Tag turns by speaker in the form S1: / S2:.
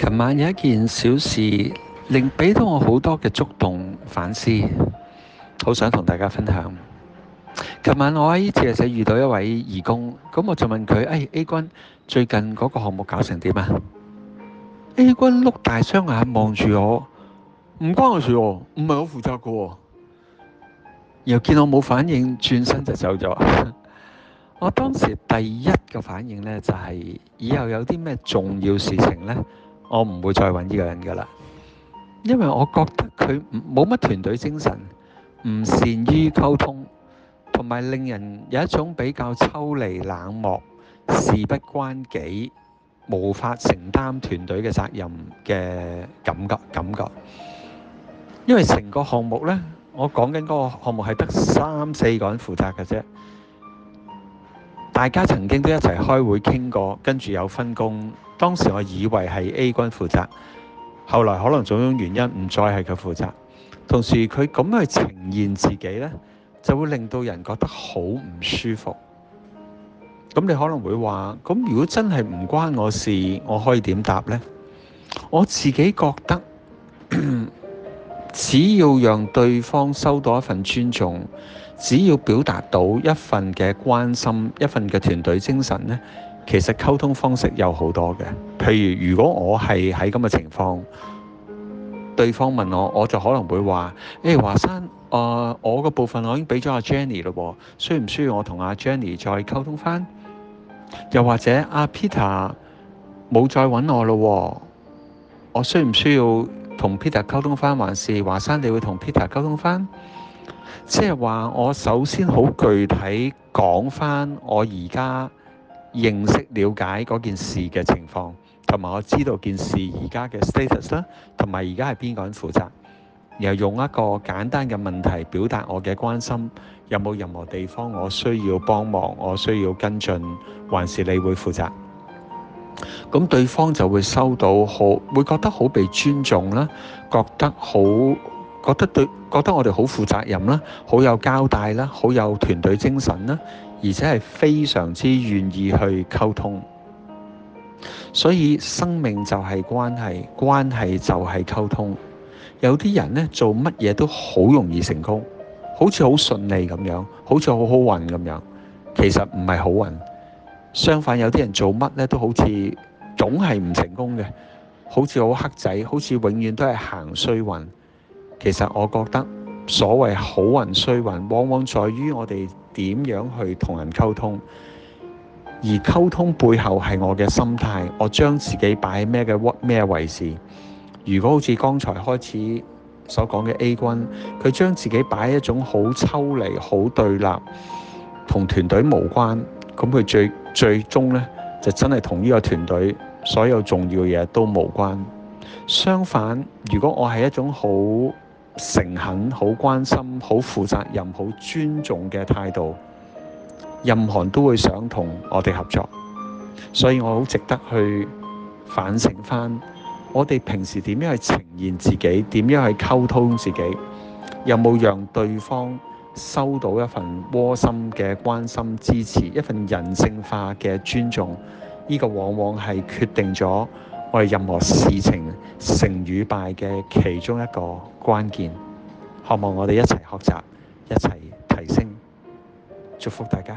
S1: 琴晚有一件小事，令俾到我好多嘅觸動反思，好想同大家分享。琴晚我喺社社遇到一位義工，咁我就問佢：哎 A 君最近嗰個項目搞成點啊？A 君碌大雙眼望住我，唔關、哦、我事喎，唔係好負責㗎、哦。又見我冇反應，轉身就，就走咗。 我當時第一個反應呢，就係、是、以後有啲咩重要事情呢？我唔會再搵呢個人噶啦，因為我覺得佢冇乜團隊精神，唔善於溝通，同埋令人有一種比較抽離、冷漠、事不關己、無法承擔團隊嘅責任嘅感覺感覺。因為成個項目呢，我講緊嗰個項目係得三四個人負責嘅啫。大家曾經都一齊開會傾過，跟住有分工。當時我以為係 A 君負責，後來可能種種原因唔再係佢負責。同時佢咁去呈現自己呢，就會令到人覺得好唔舒服。咁你可能會話：「咁如果真係唔關我事，我可以點答呢？我自己覺得。 只要讓對方收到一份尊重，只要表達到一份嘅關心，一份嘅團隊精神咧，其實溝通方式有好多嘅。譬如如果我係喺咁嘅情況，對方問我，我就可能會話：誒、hey，華山，誒，我個部分我已經俾咗阿 Jenny 咯，需唔需要我同阿 Jenny 再溝通翻？又或者阿 Peter 冇再搵我咯，我需唔需要？同 Peter 溝通返，還是華山？你會同 Peter 溝通返？即係話我首先好具體講返我而家認識、了解嗰件事嘅情況，同埋我知道件事而家嘅 status 啦，同埋而家係邊個人負責，又用一個簡單嘅問題表達我嘅關心，有冇任何地方我需要幫忙，我需要跟進，還是你會負責？咁對方就會收到好，會覺得好被尊重啦，覺得好，覺得對，覺得我哋好負責任啦，好有交代啦，好有團隊精神啦，而且係非常之願意去溝通。所以生命就係關係，關係就係溝通。有啲人呢，做乜嘢都好容易成功，好似好順利咁樣，好似好好運咁樣，其實唔係好運。相反，有啲人做乜咧都好似總係唔成功嘅，好似好黑仔，好似永遠都係行衰運。其實我覺得所謂好運衰運，往往在於我哋點樣去同人溝通，而溝通背後係我嘅心態，我將自己擺喺咩嘅咩位置。如果好似剛才開始所講嘅 A 君，佢將自己擺喺一種好抽離、好對立，同團隊無關。咁佢最最終咧，就真係同呢個團隊所有重要嘅嘢都無關。相反，如果我係一種好誠懇、好關心、好負責任、好尊重嘅態度，任何人都會想同我哋合作。所以我好值得去反省翻，我哋平時點樣去呈現自己，點樣去溝通自己，有冇讓對方收到一份窩心嘅關心支持，一份人性化嘅尊重，呢、這個往往係決定咗我哋任何事情成與敗嘅其中一個關鍵，渴望我哋一齊學習，一齊提升，祝福大家。